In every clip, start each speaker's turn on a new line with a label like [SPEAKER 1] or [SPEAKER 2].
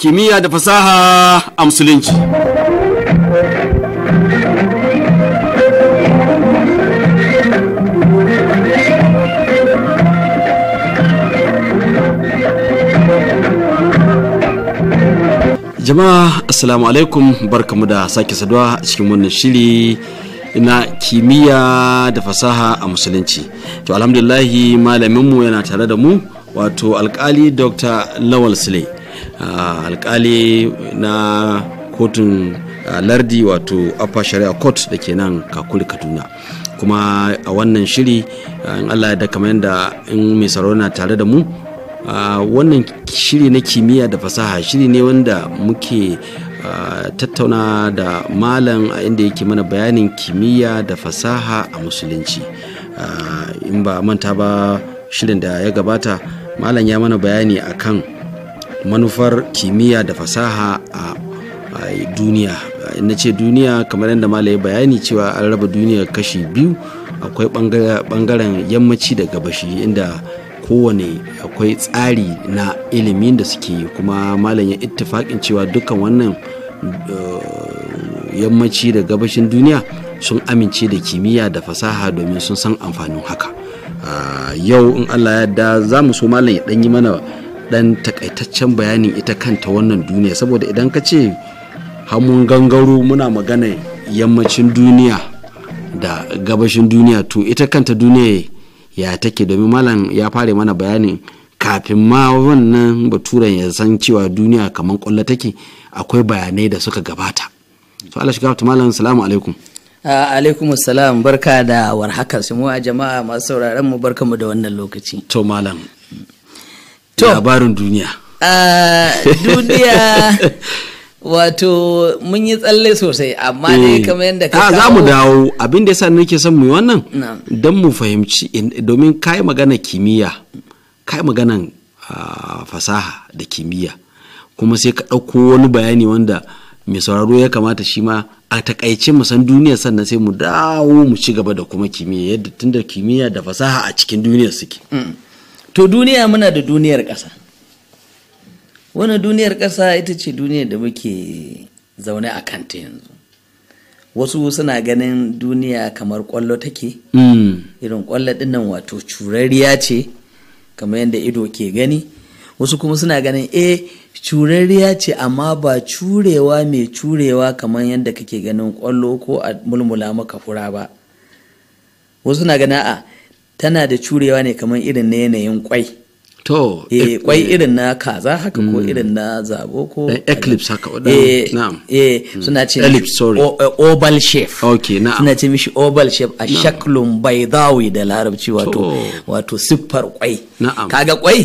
[SPEAKER 1] kimiyya da fasaha a musulunci. jama'a assalamu alaikum barkamu da sake saduwa a cikin wannan shiri na kimiyya da fasaha a musulunci to alhamdulillahi malaminmu yana tare da mu wato alkali dr lawal sule Ah, alkali na kotun ah, lardi wato upper shari'a court da ke nan kakuli kaduna kuma a wannan shiri ah, in allah da kamar yadda in mai na tare da mu wannan shiri na kimiyya da fasaha shiri ne wanda muke tattauna da malam a inda yake mana bayanin kimiyya da fasaha a musulunci in ba manta ba shirin da ya gabata malam ya mana bayani akan manufar kimiyya da fasaha a duniya na ce duniya kamar yadda malai bayani cewa an raba duniya kashi biyu akwai bangaren yammaci da gabashi inda kowane akwai tsari na ilimin da suke kuma malam ya ittifaƙin cewa dukkan wannan eh, yammaci da gabashin duniya sun amince da kimiyya da fasaha domin sun san amfanin haka ah, yau in allah ya da za mu so malam ya ɗanyi mana dan takaitaccen bayanin ita kanta wannan duniya saboda idan ka ce hamun gangaro muna magana yammacin duniya da gabashin duniya to ita kanta duniya ya take domin malam ya fara mana bayanin kafin ma wannan baturen ya san cewa duniya kamar kwallo take akwai bayanai da suka gabata to Allah shi ta malam assalamu alaikum
[SPEAKER 2] alaikum assalam barka da warhaka su mu a jama'a masu sauraron mu barkamu da wannan
[SPEAKER 1] lokaci to malam labarin duniya duniya
[SPEAKER 2] wato mun yi tsalle sosai amma ne eh. kamar yadda ka za mu dawo
[SPEAKER 1] abin da yasa nake son mu yi wannan don mu fahimci domin kai magana kimiyya kai maganan fasaha da kimiyya kuma sai ka ɗauko wani bayani wanda mai sauraro ya kamata shi ma a takaice mu san duniya sannan sai mu dawo mu ci gaba da kuma kimiyya yadda tunda kimiyya da fasaha a cikin duniya suke.
[SPEAKER 2] Mm. to
[SPEAKER 1] duniya muna da duniyar ƙasa wani duniyar
[SPEAKER 2] ƙasa ita ce duniyar da muke zaune a kanta yanzu wasu suna ganin duniya kamar kwallo take mm. irin kwallo dinnan wato curariya ce kamar yadda ido ke gani wasu kuma suna ganin e curariya ce amma ba curewa mai curewa kamar yadda kake ganin ƙwallo ko a mulmula maka fura ba wasu suna ganin a tana da curewa ne kamar irin na yanayin kwai to eh, eh kwai eh. irin na kaza haka ko hmm. irin na zabo
[SPEAKER 1] ko eh, eclipse haka wadanda oh, na'am eh hmm. suna ce ellipse sorry oval shape okay na'am suna
[SPEAKER 2] ce mishi oval shape a shaklun baydawi da larabci wato wato siffar kwai na'am kaga kwai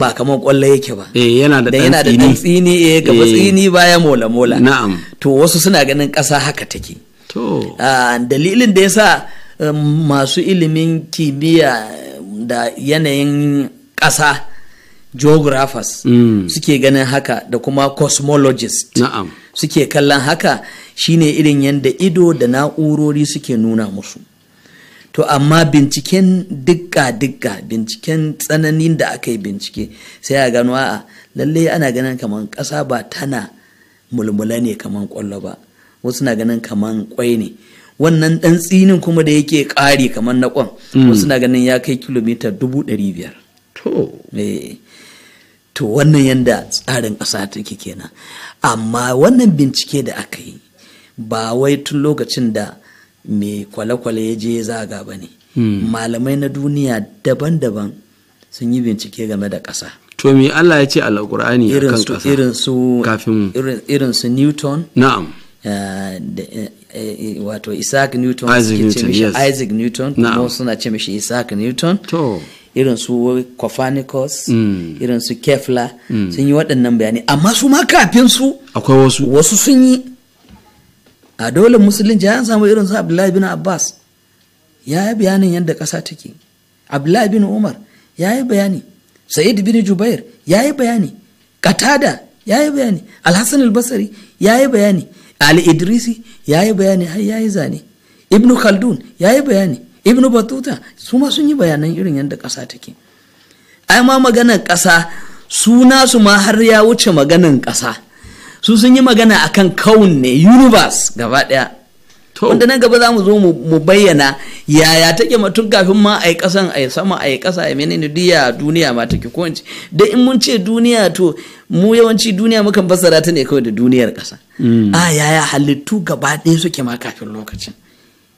[SPEAKER 2] ba kamar kwallo yake ba eh yana da yana da tsini eh gaba tsini baya mola mola na'am to wasu suna ganin kasa haka take to ah, dalilin da yasa masu ilimin kimiyya da yanayin ƙasa geographers
[SPEAKER 1] mm. suke
[SPEAKER 2] ganin haka da kuma cosmologists suke kallon haka shine irin yadda ido da na'urori suke nuna musu to amma binciken dukka-dukka binciken tsananin da aka yi bincike sai a gano a lallai ana ganin kamar ƙasa ba tana mulmula ne kamar ƙwallo ba wasu na ganin kamar ƙwai ne wannan ɗan tsinin kuma da yake ƙare kamar na kwan mm. wasu na ganin ya kai kilomita dubu ɗari biyar eh. to wannan yanda tsarin ƙasa take kenan amma wannan bincike da aka yi ba wai tun lokacin da mai kwale-kwale ya je zaga ba ne mm. malamai na duniya daban-daban sun yi bincike game da ƙasa
[SPEAKER 1] to me Allah ya ce alƙur'ani akan ƙasa irin su
[SPEAKER 2] irin su Newton na'am Eh, eh, eh, wato isaac newton isaac newton, yes. isaac newton kuma suna ce mishi isaac newton irin su copernicus mm. irin su kefla mm. sun yi waɗannan bayani amma su ma kafin su
[SPEAKER 1] akwai wasu wasu sun yi
[SPEAKER 2] a dole musulunci jayan samu irin su abdullahi bin abbas ya yi bayanin yadda ƙasa take abdullahi bin umar ya yi bayani sa'id bin jubair ya yi bayani katada ya yi bayani alhassan albasari ya yi bayani ali idrisi ya yi bayani har ya yi zane ibnu khaldun ya yi bayani ibnu batuta su ma sun yi bayanan irin yadda ƙasa take ai ma maganar ƙasa su ma har ya wuce maganar ƙasa su sun yi magana akan kawun ne universe gaba ɗaya wanda nan gaba za mu zo mu bayyana yaya take ma tun kafin ma a yi kasan a yi sama a yi kasa a menene diya duniya ma take ko ince da in mun ce duniya to mu yawanci duniya mukan fassara ta ne kawai da duniyar kasa mm. a yaya halittu gaba ɗaya suke ma kafin lokacin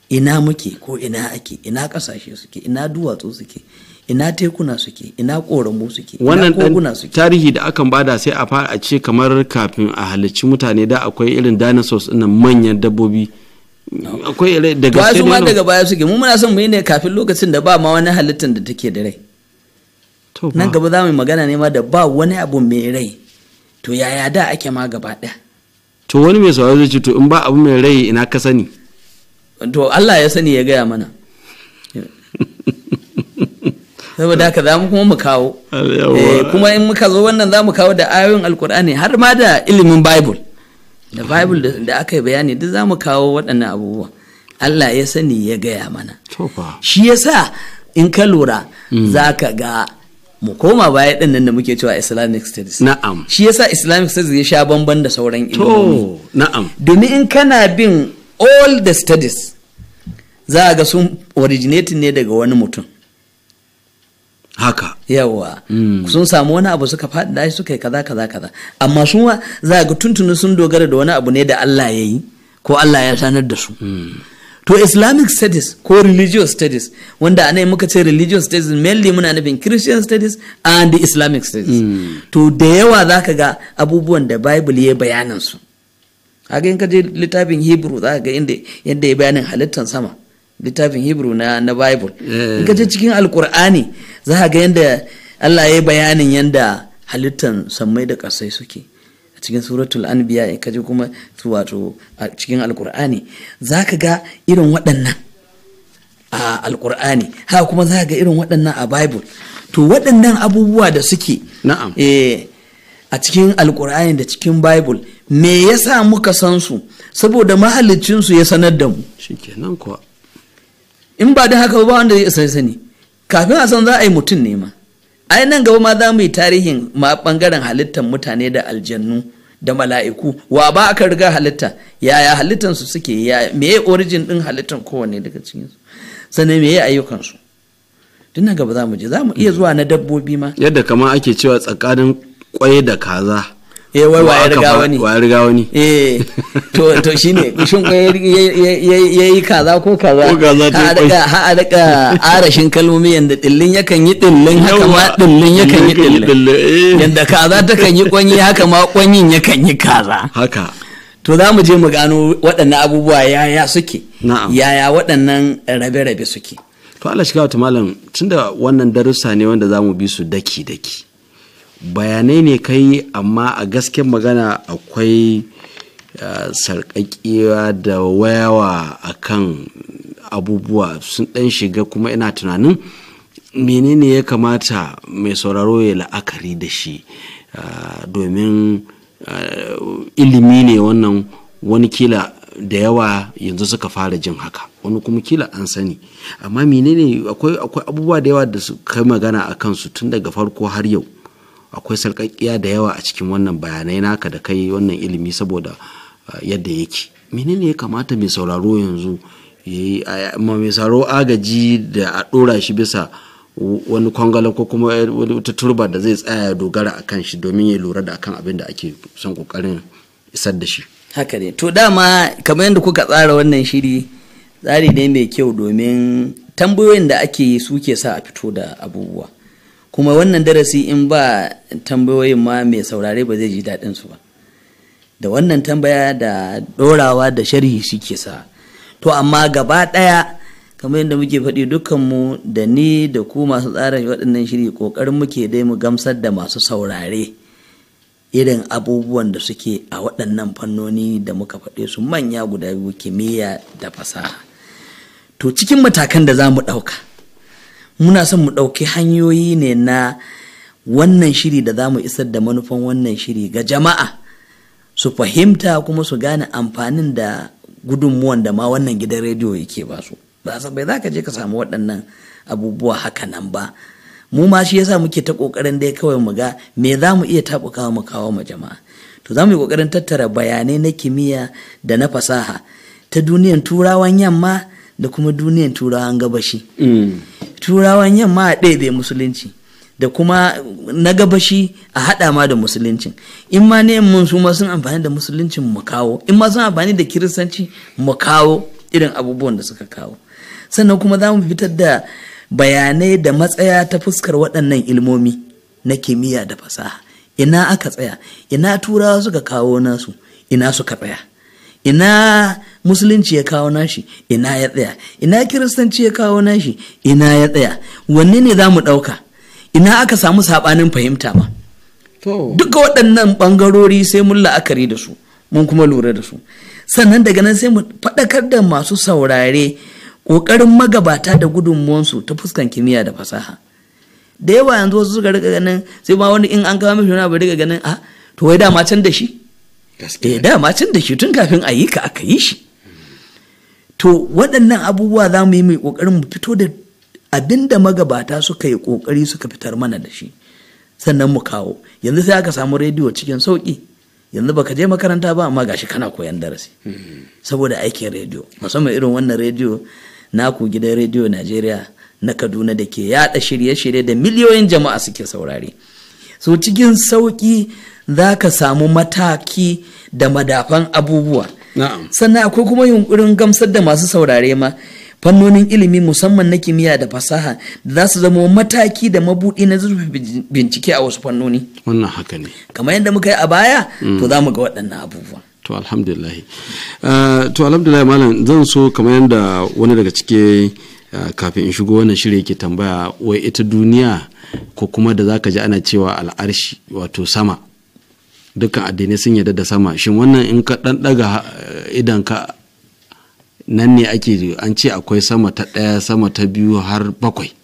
[SPEAKER 2] ina muke ko ina ake ina kasashe suke ina duwatsu suke ina tekuna suke ina koramu suke Ina koguna suke.
[SPEAKER 1] tarihi da akan bada sai a fara a ce kamar kafin a halicci mutane da akwai irin dinosaurs ɗin manyan dabbobi akwai rai da ma daga
[SPEAKER 2] baya suke mu muna son mu yi ne kafin lokacin da ba ma wani halittar da take da rai nan gaba za mu magana ne ma da ba wani abu mai rai to yaya da ake ma gaba ɗaya
[SPEAKER 1] to wani mai sauraro zai ce to in ba abu mai rai ina ka sani to Allah ya sani ya gaya mana
[SPEAKER 2] saboda haka za mu kuma mu kawo eh, kuma in muka zo wannan za mu kawo da ayoyin alkur'ani har ma da ilimin bible da bible da aka yi bayani duk zamu kawo waɗannan abubuwa allah ya sani ya gaya mana shi yasa in ka lura hmm. za ka ga mu koma baya ɗin nan da muke cewa islamic studies na'am shi yasa islamic studies ya sha bamban da sauran ilimi na'am domin in kana bin all the studies za ga sun originating ne daga wani mutum haka yawa mm. sun samu wani abu suka faɗi da suka yi kaza kaza kaza amma sun za ga tuntuni sun dogara da wani abu ne da Allah ya yi ko Allah ya sanar da su mm. to islamic studies ko religious studies wanda anai muka ce religious studies mainly muna nufin christian studies and islamic studies mm. to da yawa za ka ga abubuwan da bible ya bayanin su haka in ka je littafin hebrew za ka ga inda yadda ya bayanin halittar sama littafin hebrew na na bible eh. in ka je cikin alkur'ani za ka ga yadda allah ya yi bayanin yadda halittan sammai da ƙasai suke a cikin suratul anbiya in ka je kuma wato a cikin alkur'ani za ka ga irin waɗannan a alkur'ani haka kuma za ka ga irin waɗannan a bible to waɗannan abubuwa da suke eh, a cikin alkur'ani da cikin bible me yasa muka san su saboda mahalicinsu ya sanar da mu in ba da haka ba wanda zai sani kafin a san za a yi mutum ne A ai nan gaba ma za mu yi tarihin ma bangaren halittar mutane da aljannu da mala'iku wa ba aka riga halitta yaya halittar su suke ya meye origin din halittar kowanne daga cikin su sannan meye ayyukan su tun nan gaba za mu je za mu iya zuwa na dabbobi ma
[SPEAKER 1] yadda kama ake cewa tsakanin kwai da kaza eh wai wa ya riga wani wa ya riga wani eh to to shine shin
[SPEAKER 2] ya yi kaza ko kaza ko kaza ta kai ha a daga arashin kalmomi yanda dillin yakan yi dillin haka ma dillin yakan yi dillin eh. yanda kaza ta kan yi kwanyi haka ma kwanyin
[SPEAKER 1] yakan yi kaza haka to za mu je mu gano waɗannan abubuwa yaya suke yaya waɗannan rabe-rabe suke to Allah shiga wata malam tunda wannan darussa ne wanda za mu bi su daki-daki bayanai ne kai amma a gasken magana akwai eh, sarƙaƙiya da wayawa akan abubuwa sun ɗan shiga kuma ina tunanin menene ya kamata mai sauraro ya la'akari da shi eh, domin eh, ilimi ne wannan wani kila da yawa yanzu suka fara jin haka wani kuma kila an sani amma menene akwai abubuwa da yawa da su kai magana a kansu tun daga farko har yau akwai sarƙaƙiya da yawa a cikin wannan bayanai naka da kai wannan ilimi saboda ah, yadda yake menene ya kamata mai sauraro yanzu ma ah, mai sauraro agaji da a ɗora shi bisa wani kwangala ko kuma wata turba da zai tsaya dogara a kan shi domin ya lura da akan abin da ake son kokarin isar da shi haka ne to dama kamar yadda kuka tsara wannan shiri
[SPEAKER 2] tsari ne mai kyau domin tambayoyin da ake yi suke sa a fito da abubuwa kuma wannan darasi in ba tambayoyin ma mai saurare ba zai ji daɗin su ba da wannan tambaya da ɗorawa da sharhi suke sa to amma gaba ɗaya kamar yadda muke faɗi dukkanmu da ni da ku masu tsara waɗannan shiri ƙoƙarin muke dai mu gamsar da masu saurare irin abubuwan da suke a waɗannan fannoni da muka faɗe su manya guda biyu kimiyya da fasaha to cikin matakan da za mu ɗauka muna son mu ɗauki hanyoyi ne na wannan shiri da za mu isar da manufan wannan shiri ga jama'a su fahimta kuma su gane amfanin da gudunmuwan da ma wannan gidan rediyo yake ba su ba bai za ka je ka samu waɗannan abubuwa haka nan ba mu ma shi yasa muke ta ƙoƙarin dai kawai mu ga me za mu iya taɓukawa mu kawo ma jama'a to za mu yi ƙoƙarin tattara bayanai na kimiyya da na fasaha ta duniyan turawan yamma da kuma duniyan turawan gabashi. Mm. turawan yamma a ɗebe musulunci da kuma na gabashi a haɗa ma da musulunci. in ma ne mun su ma sun amfani da musuluncin mu kawo in ma sun amfani da kiristanci mu kawo irin abubuwan da suka kawo sannan kuma za mu fitar da bayanai da matsaya ta fuskar waɗannan ilmomi na kimiyya da fasaha ina aka tsaya ina turawa suka kawo nasu ina suka tsaya ina musulunci ya kawo nashi ina ya tsaya ina kiristanci ya kawo nashi ina ya tsaya wanne ne za mu ɗauka ina aka samu saɓanin fahimta ba duka waɗannan ɓangarori sai mun la'akari da su mun kuma lura da su sannan daga nan sai mu faɗakar da masu saurare ƙoƙarin magabata da gudunmuwansu ta fuskan kimiyya da fasaha da yawa yanzu wasu suka riga ganin sai ba wani in an kawo mishi wani abu riga ganin a ah, to wai dama can da shi eh dama can da shi tun kafin a yi ka aka yi shi to waɗannan abubuwa za mu yi mai ƙoƙarin mu fito da abin da magabata suka yi ƙoƙari suka fitar mana da shi sannan mu kawo yanzu sai aka samu rediyo cikin sauƙi yanzu baka je makaranta ba amma gashi kana koyan darasi saboda aikin rediyo musamman irin wannan rediyo naku gidan rediyo najeriya na kaduna da ke yaɗa shirye-shirye da miliyoyin jama'a suke saurare so cikin sauƙi za ka samu mataki da madafan abubuwa sannan akwai kuma yunkurin gamsar da masu saurare ma fannonin ilimi musamman na kimiyya da fasaha da za su zama mataki da mabuɗi na zurfi bincike a wasu fannoni
[SPEAKER 1] wannan haka ne
[SPEAKER 2] kamar yadda muka yi a baya mm. to za mu ga waɗannan abubuwa
[SPEAKER 1] to alhamdulillah ah, to alhamdulillah malam zan so kamar yadda wani daga cike ah, kafin in shigo wannan shirya yake tambaya wai ita duniya ko kuma da zaka ji ana cewa al'arshi wato sama dukkan addinai sun yarda da sama shin wannan in ka dan daga eh, idan ka nan ne ake an ce akwai sama ta ɗaya sama ta biyu har bakwai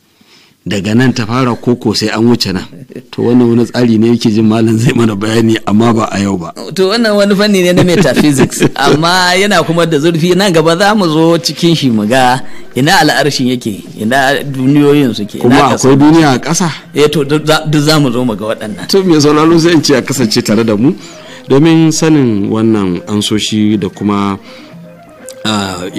[SPEAKER 1] daga nan ta fara koko sai an wuce nan to wannan wani tsari ne yake jin malam zai mana bayani amma ba a yau ba to
[SPEAKER 2] wannan wani fanni ne na metaphysics amma yana kuma da zurfi nan gaba za mu zo cikin shi mu ga ina al'arshin yake ina duniyoyin suke kuma akwai duniya a ƙasa eh to duk za mu zo mu ga waɗannan
[SPEAKER 1] to me sauraro zai in ce a kasance tare da mu domin sanin wannan ansoshi da kuma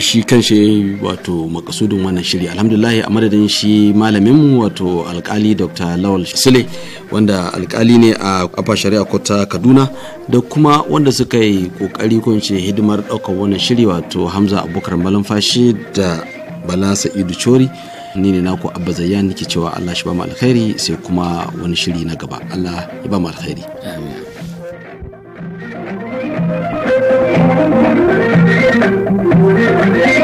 [SPEAKER 1] shi kan shi wato makasudin wannan shiri alhamdulahi a madadin shi malaminmu wato alkali dr lawal sule wanda alkali ne a kafa shari'a kota kaduna da kuma wanda suka yi kokari ko hidimar ɗaukar wannan shiri wato hamza abubakar malamfashi da bala sa'idu chori ni ne naku abba zayyan nake cewa allah shi ba mu alkhairi sai kuma wani shiri na gaba allah ya ba mu alkhairi amin Thank